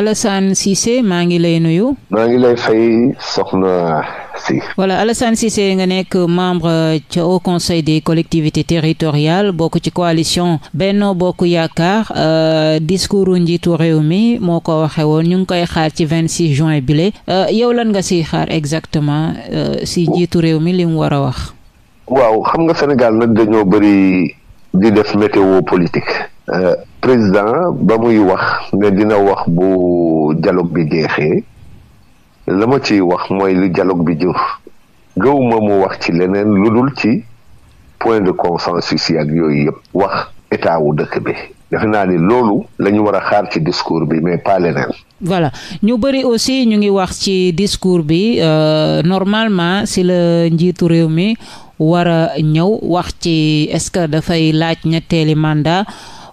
Alassane Cissé maa ngi lay nuyu. maa ngi lay fay soxna si. nga nekk membre ca Haut Conseil des collectivité territoriales bokk ci coalition Benno Bokk Yaakaar euh, discours njiitu réew mi moo ko waxee woon ñu ngi koy xaar ci 26 juin bile euh, yow lan nga si xaar exactement euh, si njiitu réew mi li mu war a wax. waaw xam nga Sénégal nag dañoo bëri di def météo politique. Euh, président ba muy wax ne dina wax bu dialogue bi jeexee la ma ciy wax mooy lu dialogue bi jur gëwuma mu wax ci leneen lu dul ci point de consensus yi ak yooyu yëpp wax état wu dëkk bi defe naa ni loolu lañu ñu war a xaar ci discours bi mais pas leneen. voilà ñu bëri aussi ñu ngi wax ci discours bi euh, normalement si la njiitu réew mi war a ñëw wax ci est-ce que dafay laaj ñetteeli mandat.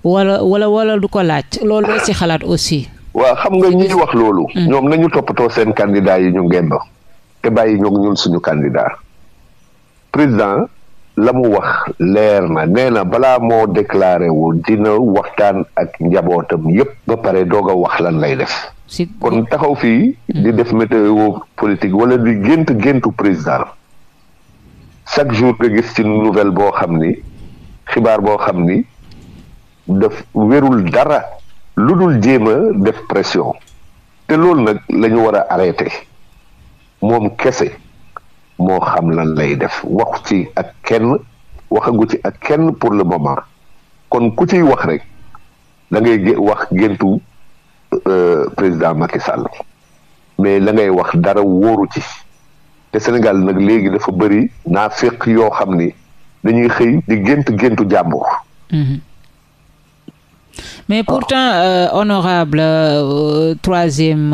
wala wala wala du ko laaj loolu si xalaat aussi. waaw xam nga ñi mm. wax loolu. Mm. ñoom nañu toppatoo seen candidat yi ñu ngemb te bàyyi ñoom ñun suñu candidat président la mu wax leer na nee balaa moo déclaré wu dina waxtaan ak njabootam yépp ba pare doog a wax lan lay def. kon taxaw fii. Mm. di def météo politique wala di gént géntu président chaque jour nga gis ci nouvelle boo xam ni xibaar boo xam ni. daf wérul dara lu dul jéem a def pression te loolu nag lañu ñu war a arrêté moom kese moo xam lan lay def waxu ci ak kenn waxagu ci ak kenn pour le moment kon ku ciy wax rek da ngay wax géntu euh, président Macky Sall mais la wax dara wóoru ci te Sénégal nag léegi dafa bëri naa féq yoo xam ni dañuy xëy di gént géntu jàmbur mm-hmm. mais ah. pourtant euh, honorable euh, troisième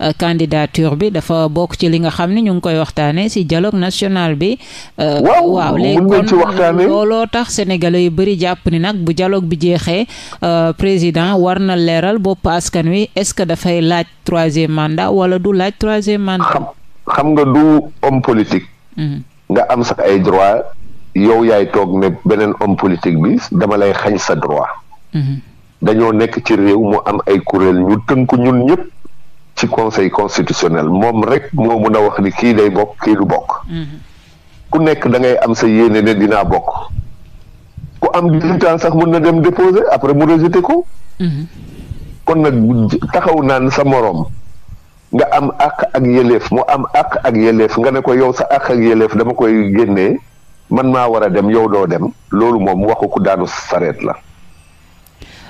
euh, candidature bi dafa bokk ci li nga xam ni ñu ngi koy waxtaanee si dialogue nationale bi euh, waaw léegi kon looloo tax sénégalais yu bëri jàpp ni nag bu dialogue bi jeexee président war na leeral bopp askan wi est-ce que dafay laaj troisième mandat wala du laaj troisième mandat xam nga du homme politique mhm. nga am sax ay droit yow yaay toog ne beneen homme politique bi dama lay xañ sa droit mhm. dañoo nekk ci réew mu am ay kuréel ñu ko ñun ñëpp ci conseil constitutionnel moom rek moo mun a wax ni kii day bokk kii du bokk mhm. ku nekk da ngay am sa yéene ne dinaa bokk ku am dix-huit sax mun na dem déposer après mu rejeté ko mhm. kon nag taxaw naan sa moroom nga am àq ak yëleef mu am àq ak yëleef nga ne ko yow sa àq ak yëleef dama koy génne man maa war a dem yow doo dem loolu moom waxu ku daanu sareet la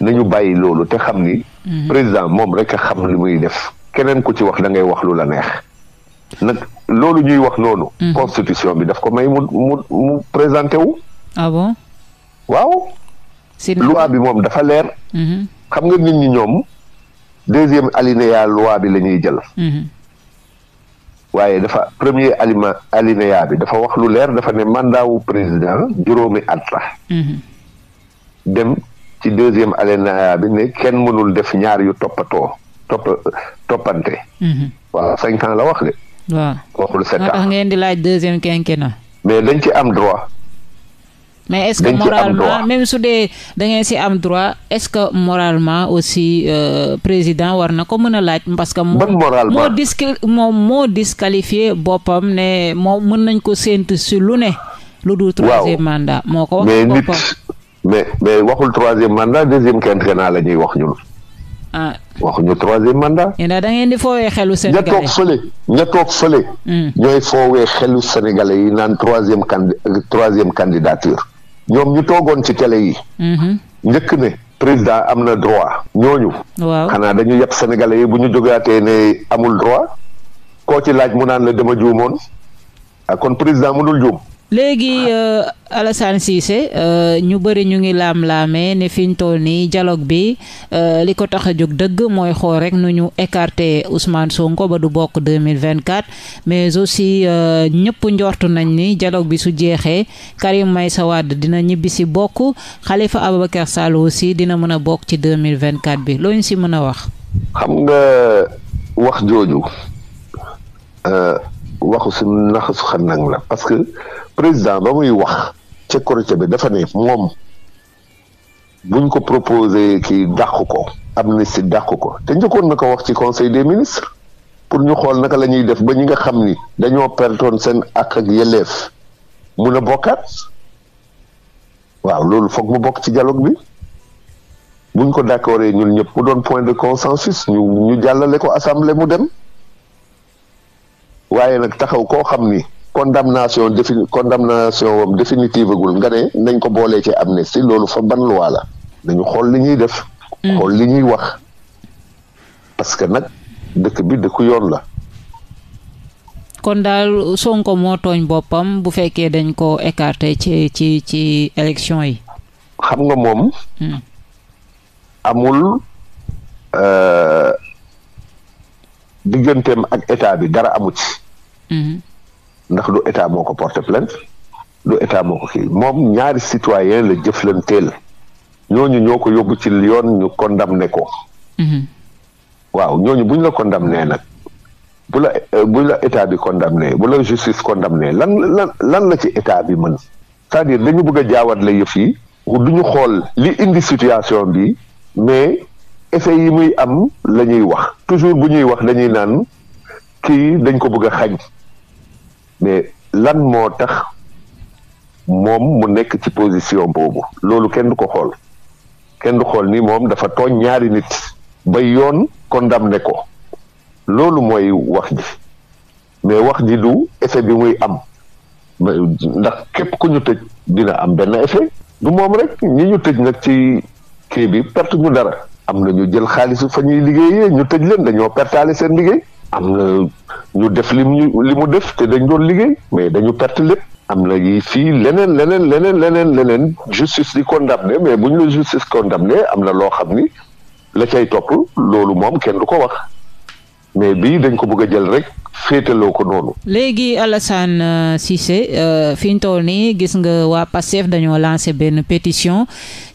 nañu bàyyi loolu te xam ni. Mhm. président moom rekk xam li muy def keneen ku ci wax da ngay wax lu la neex. nag loolu ñuy wax noonu. Mhm. constitution bi daf ko may mu mu mu présenté wu. ah bon. waaw. loi bi moom dafa leer. Mhm. xam nga nit ñi ñoom deuxième alinéa loi bi la ñuy jël. waaye dafa premier aliment alinéa bi dafa wax lu leer dafa ne mandat wu président juróomi at la. dem deuxième alinéa euh, bi ne kenn mënul def ñaar yu toppatoo topp toppante. Mhm. waaw cinq ans la wax de. waaw waxul sept ans tax ngeen di laaj deuxième quinquennat. mais dañ ci am droit. mais est-ce que moralement même su dee da ngeen si am droit est-ce que moralement aussi euh, président war na ko mën a laaj parce que moo moo disqui moom moo disqualifié boppam ne moom mën nañ ko séentu si lu ne lu dul troisième mandat moo nit mais mais waxul troisième mandat deuxième quinquennat la ñuy wax ñun. ah waxuñu troisième mandat. yéen da ngeen di foowee xelu sénégalais ña toog fële ña toog fële. Hmm. ñooy foowee xelu sénégalais yi naan troisième candi euh, troisième candidature. ñoom ñu toogoon ci tele yi. Hmm. njëkk ne président am na droit. ñooñu. waaw xanaa dañu yeb sénégalais yi bu ñu jógaatee ne amul droit. koo ci laaj mu naan la dama juumoon. ah kon président mënul juum. léegi euh, Alassane Cissé euh, ñu euh, bëri ñu ngi laam-laamee ne fi ñu toll nii dialogue bi euh, li ko tax a jóg dëgg mooy xool rek nu ñu écarter Ousmane Sonko ba du bokk 2024 mais aussi euh, ñëpp njortu nañ ni dialogue bi su jeexee Karim sa Wade dina ñibbi si bokk Khalifa Ababacar Sall aussi dina mën a bokk ci 2024 bi looñu si mën a wax xam nga wax jooju euh, waxu su naxasu xam la parce président ba muy wax ca korité bi dafa ne moom buñ ko proposé kii dàq ko amnistie dàq ko te njëkkoon na ko wax ci conseil des ministres pour ñu xool naka la ñuy def ba ñi nga xam ni dañoo pertoon seen ak ak yelleef mun a bokkaat waaw loolu foog mu bokk ci dialogue bi buñ ko d'accordee ñun ñëpp mu doon point de consensus ñu ñu jàllale ko assemblée mu dem waaye nag taxaw koo xam ni condamnation défini condamnation wam définitive gul nga ne nañ ko boolee ci am si loolu fa ban lu waala nañu xool li ñuy def. Mm. xool li ñuy wax parce que nag dëkk bi dëkku yoon la. kon daal Sonko moo tooñ boppam bu fekkee dañ ko écarté ci ci ci élection yi. xam nga moom. Mm. amul euh, digganteem ak état bi dara amu ci. Mm-hmm. ndax du état moo ko porté plainte du état moo ko kii moom ñaari citoyen la jëflanteel ñooñu ñoo ko yóbbu ci yoon ñu condamné ko. Mhm. waaw ñooñu buñ la condamné nag bu la euh, buñ la état bi condamné bu la justice condamné lan lan lan la ci état bi mën c'est-à-dire dañu bëgg a jaawat la yëf yi du ñu xool li indi situation bi mais effet yi muy am la ñuy wax toujours bu ñuy wax dañuy naan kii dañ ko bëgg a xañ mais lan moo tax moom mu nekk ci position boobu loolu kenn du ko xool kenn du xool nii moom dafa tooñ ñaari nit ba yoon ne ko loolu mooy wax ji mais wax ji du effet bi muy am ndax képp ku ñu tëj dina am benn effet du moom rek ñi ñu tëj nag ci kii bi perte ñu dara am na ñu jël xaalisu fa ñuy liggéeyee ñu tëj leen dañoo pertaale seen liggéey am na ñu def li mu li mu def te dañ doon liggéey mais dañu perte lépp am na yi fii leneen leneen leneen leneen leneen justice di condamné mais bu ñu la justice condamné am na loo xam ni la cay topp loolu moom kenn du ko wax mais bii dañ ko bëgg a jël rek féetaloo ko noonu. léegi Alassane euh, Cissé euh, fi ñu toll nii gis nga waa Pastef dañoo lancé benn pétition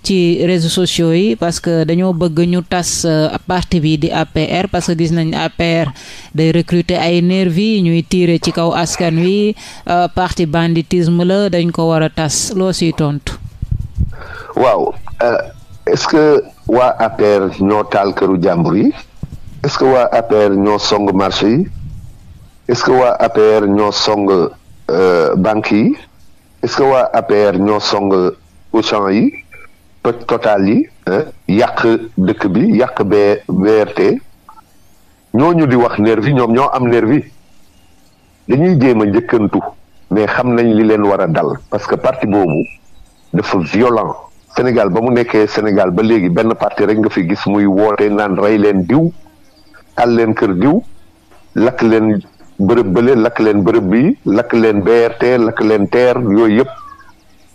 ci réseaux sociaux yi parce que dañoo bëgg ñu tas euh, parti bi di APR parce que gis nañ APR day recruter ay nervi ñuy tiire ci kaw askan wi parti banditisme la dañ ko war a tas loo si tontu. waaw est-ce que waa APR ñoo taal këru jàmbur yi. est-ce que waa APR ñoo song marché yi est-ce que waa APR ñoo song euh, banque yi est-ce waa APR ñoo song Auchan yi toj Total yi yàq dëkk bi yàq B ñoo ñu di wax nervi ñoom ñoo am nervi dañuy jéem a njëkkantu mais xam nañ li leen war a dal parce que parti boobu dafa violent Sénégal ba mu nekkee Sénégal ba léegi benn parti rek nga fi gis muy woote naan rey leen diw taal leen kër diw lakk leen bërëb ba leen lakk leen bërëb bi lakk leen BRT lakk leen TER yooyu yëpp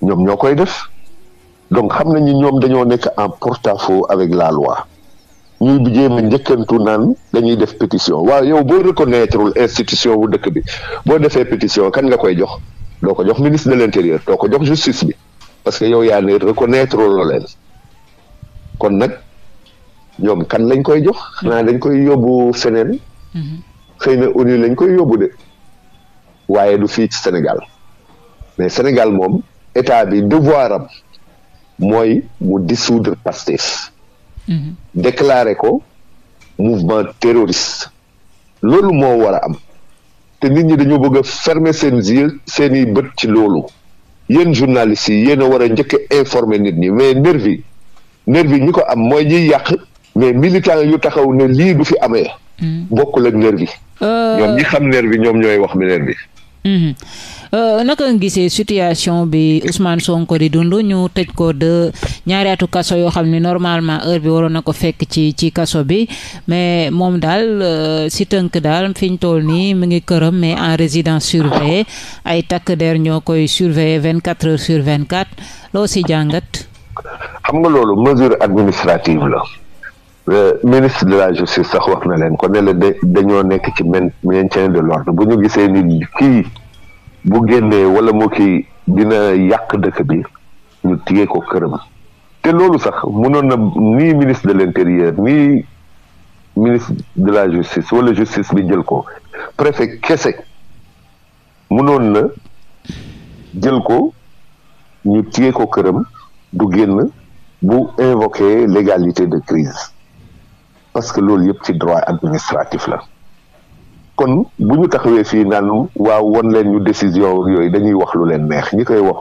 ñoom ñoo koy def donc xam ñi ñoom dañoo nekk en porte-à-faux avec la loi ñuy bi jéem njëkkantu naan dañuy def pétition waaw yow boo reconnaîtreul institution bu dëkk bi boo defee pétition kan nga koy jox doo ko jox ministre de l'intérieur doo ko jox justice bi parce que yow yaa ne reconnaître loo leen kon nag ñoom kan lañ koy jox. xanaa dañ koy yóbbu feneen. Mhm. xëy na ONU lañ koy yóbbu de waaye du fii ci Sénégal mais Sénégal moom état bi devoir am mooy mu dissoudre Pastef. Mhm. déclarer ko mouvement terroriste. loolu moo war a am te nit ñi dañoo bëgg a fermer seen yeux seen i bët ci loolu yéen journalistes yi yéen a war a njëkk a nit ñi mais nervi nervi ñi ko am mooy ñiy yàq. mais militant yu taxaw ne lii du fi amee. Hmm. bokkul ak nervi bi. Euh, ñoom ñi xam nervi bi ñoom ñooy wax mi nervi bi. Hmm. Euh, naka nga gisee situation bi Ousmane Sonko di dund ñu tëj ko de ñaari atu kaso yoo xam ne normalement heure bi waroon na ko fekk ci ci kaso bi mais moom daal euh, si tënk daal fiñ ñu toll nii mu ngi këram mais en résidence surveillée ay takk der ñoo koy surveiller vingt quatre sur vingt quatre si jàngat. xam nga loolu mesure administrative la. Euh, ministre de la justice sax wax na leen ko ne la dañoo nekk ci maintien de l'ordre bu ñu gisee ni kii bu génnee wala mu kii dina yàq dëkk bi ñu téye ko këram te loolu sax mënoon na nii ministre de l'intérieur nii ministre de la justice wala justice bi jël ko préfet kese mënoon na jël ko ñu téye ko këram du génn bu invoquer légalité de crise parce que loolu yëpp ci droit administratif la kon bu ñu taxawee fii naan waaw won leen ñu décision yooyu dañuy wax lu leen neex ñi koy wax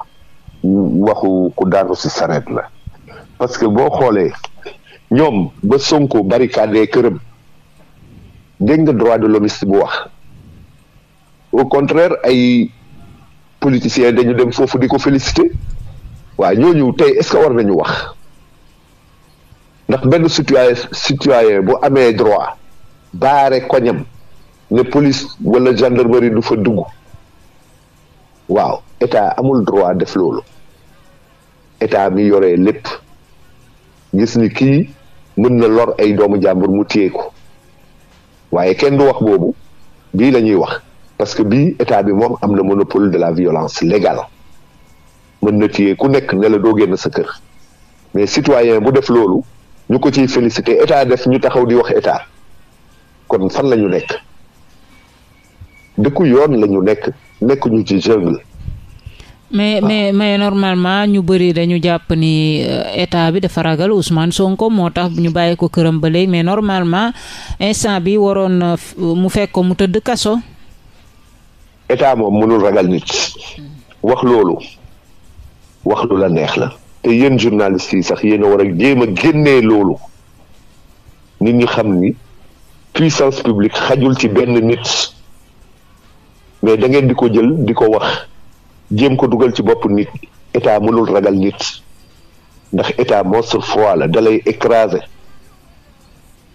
waxu ku daanu si sareet la parce que boo xoolee ñoom ba Sonko barricade këram dégg nga droit de l'hommiste bu wax au contraire ay politiciens dañu dem foofu di ko waa ñoo ñooñu tey est-ce que war nañu wax ndax benn citoyen citoyen bu amee droit baare ko koñam ne police wala gendarmerie du fa dugg waaw état amul droit def loolu état mi yoree lépp gis ni kii mën na lor ay doomu jàmbur mu téye ko waaye kenn du wax boobu bii lañuy wax parce que bii état bi moom am na monopole de la violence légale mën na téye ku nekk ne la doo génn sa kër mais citoyen bu def loolu ñu ko ciy félicité état def ñu taxaw di wax état kon fan la ñu nekk dëkku yoon lañu ñu nekk nekk ñu ci jungle mais mais mais normalement ñu bëri dañu jàpp ni euh, état bi dafa ragal Ousmane Sonko moo tax ñu bàyyi ko këram ba léegi mais normalement instant bi waroon mu fekk ko mu tëdd kaso. état moom mënul ragal nit. wax loolu wax lu la neex la. te yéen journalistes yi sax yéen a war a jéem a génnee loolu nit ñi xam ni puissance publique xajul ci benn nit mais da ngeen di ko jël di ko wax jéem ko dugal ci bopp nit état mënul ragal nit ndax état monstre froid la dalay écraser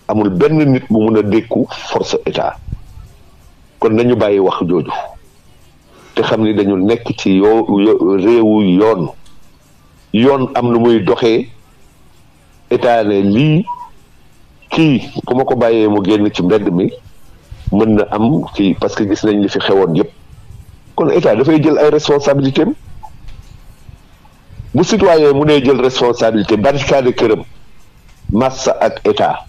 amul benn nit bu mun a dékku force état kon nañu bàyyi wax jooju te xam ni dañu nekk ci yoo réewu yoon yoon am lu muy doxee état ne lii kii ku ma ko bàyyee mu génn ci mbedd mi mën na am kii parce que gis nañ li fi xewoon yépp kon état dafay jël ay responsabilité bu citoyen mu nee jël responsabilité barricade këram massa ak état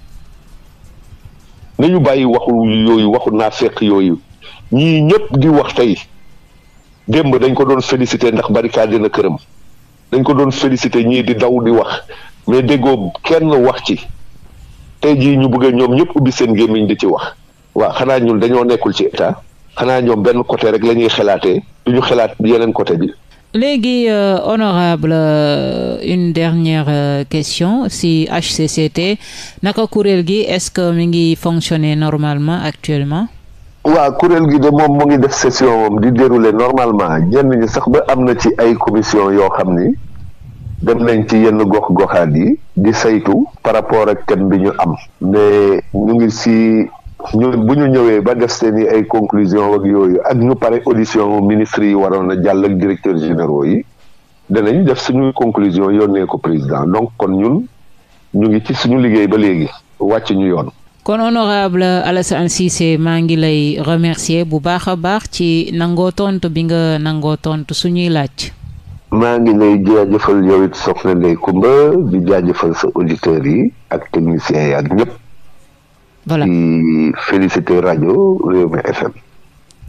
nañu bàyyi waxu yooyu waxu naa fekk yooyu ñii ñëpp di wax tey démb dañ ko doon félicité ndax barricade na këram dañ ko doon félicité ñii di daw di wax mais déggoo kenn wax ci te jii ñu bëggee ñoom ñëpp ubbi seen gémmiñ di ci wax waa xanaa ñun dañoo nekkul ci état xanaa ñoom benn côté rek la ñuy xalaatee du ñu xalaat yeneen côté bi. léegi euh, honorable euh, une dernière euh, question si HCCT naka kuréel gi est-ce que mi ngi fonctionner normalement actuellement. waa kuréel gi de moom mu ngi def session am di dérouler normalement ñenn ñu sax ba am na ci ay commission yoo xam ni dem nañ ci yenn gox goxaat yi di saytu par rapport ak thème bi ñu am mais ñu ngi si ñu bu ñu ñëwee ba def seen i ay conclusion ak yooyu ak ñu pare audition ministre yi waroon a jàll ak directeurs yi danañ def suñu conclusion yónnee ko président donc kon ñun ñu ngi ci suñu liggéey ba léegi wàcc ñu yoon kon honorable Alassane Cissé maa ngi lay remercier bu baax a baax ci nangoo tontu bi nga nangoo tontu suñuy laaj. maa ngi lay jaajëfal yow it soxna Ndeye Comba di jaajëfal sa auditeurs yi ak techniciens yi ak ñëpp. voilà di féliciter rajo FM.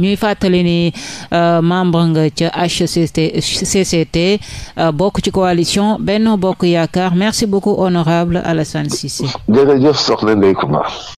ñuy fàttali ni euh, membre nga ca HCCT euh, bokk ci coalition Benno Bokk Yaakaar merci beaucoup honorable Alassane Cissé. jërëjëf soxna Ndeye Comba.